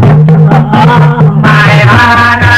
Oh, my God.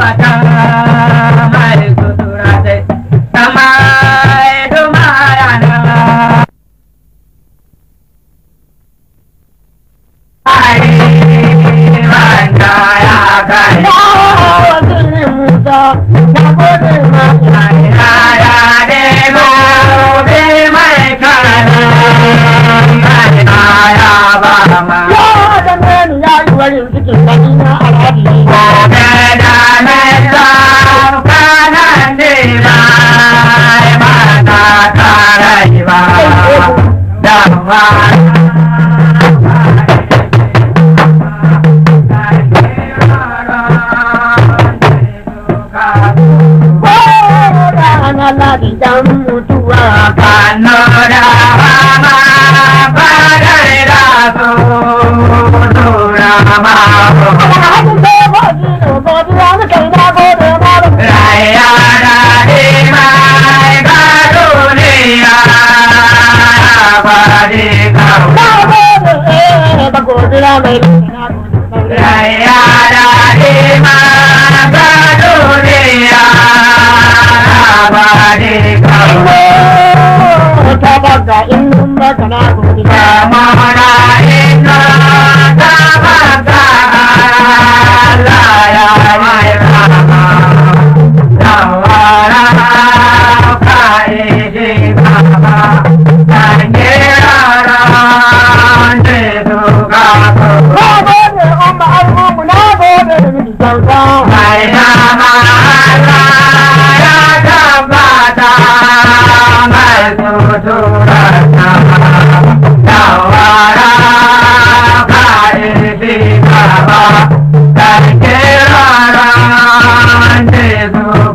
Bata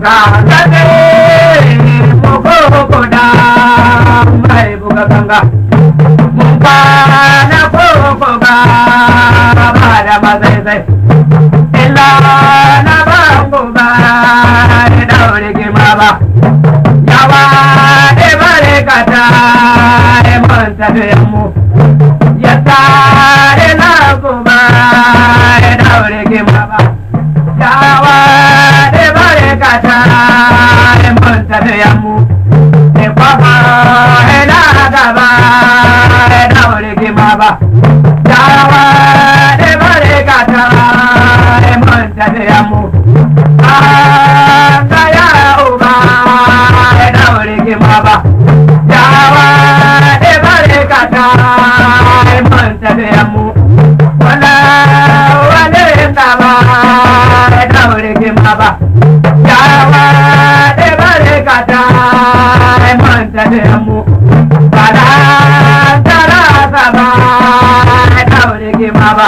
ganga zane koko koda mai buga ganga mun na koko ga ba da ba zai na ba ko ba da ba yawa e bare kata e mun ta da mu ya ta e na ko ba da yawa ba yawa da bare ka ta ne mu ba da tara ba da bare ke ma ba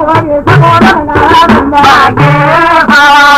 I'm gonna Thank you.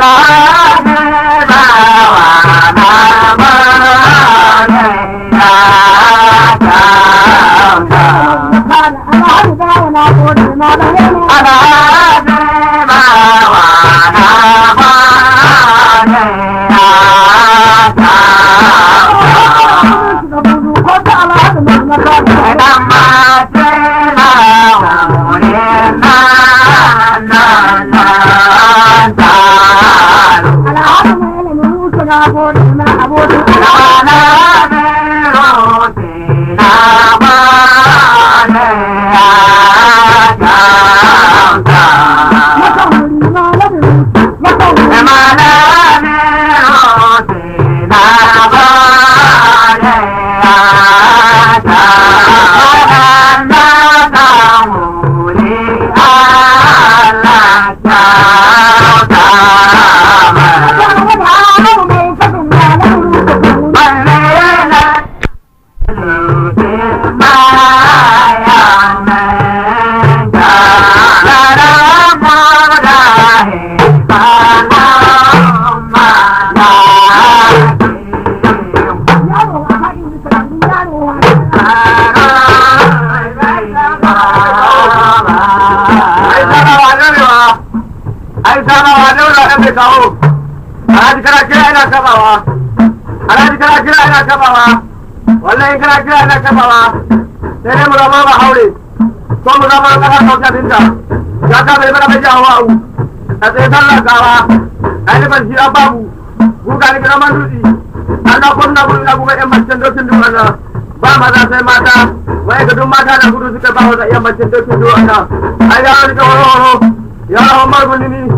I'm not going to na rua ai samawa daura ɗan mai kawo a kana kira ina samawa alhaji kana kira ina samawa wallahi kana kira ina samawa sai dai mu zama ba haure ko mu zama ƙasar kauta binta ya ka bai mana bai jawo wa'u a tsaye sallar kawa ai ban shi an babu guga ni kana man dutse an da kuma na gudu na guga yan macen dokin dumana ba maza sai mata wai ga duk mata na gudu suka ba wa yan macen dokin dumana ai ya wani ka Ya horo ya rahon marbulini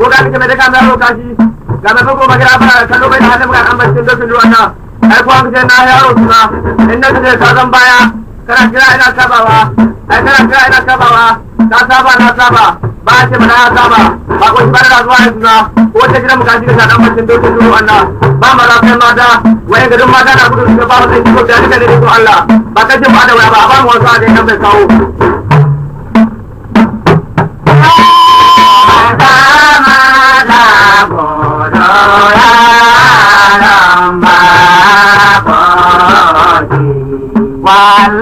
ko ka kike da kamar ro kashi ga mai ko magana ba kallo bai da halin ga an bacin da kullu wannan ai ko an ce na yaro kuma inda kake ka zan baya kana kira ina sabawa ai kana kira sabawa ka saba na saba ba ce mana ya saba ba ko shi bara zuwa yanzu na ko ta kira mu kashi ga dan bacin da kullu wannan ba ma za kai mata waye garin mata na gudu da ba wani ko da ne da Allah ba ka ji ba da waya ba ba mu wasu a da kan न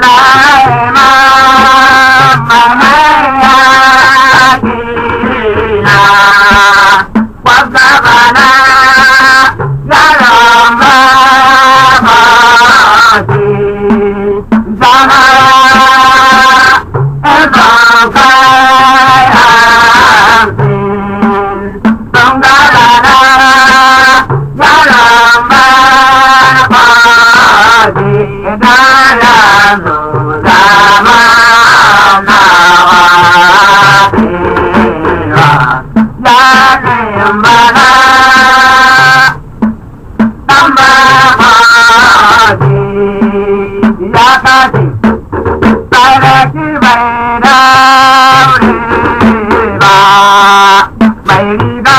mai riba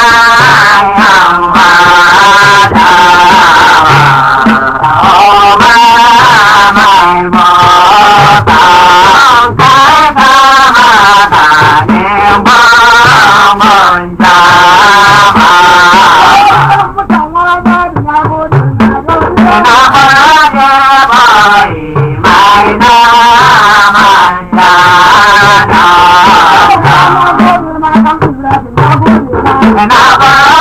When I